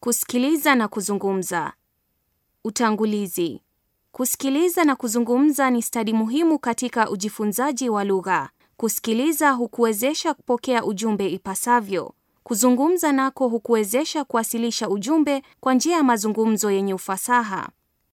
Kusikiliza na kuzungumza. Utangulizi. Kusikiliza na kuzungumza ni stadi muhimu katika ujifunzaji wa lugha. Kusikiliza hukuwezesha kupokea ujumbe ipasavyo. Kuzungumza nako hukuwezesha kuwasilisha ujumbe kwa njia ya mazungumzo yenye ufasaha.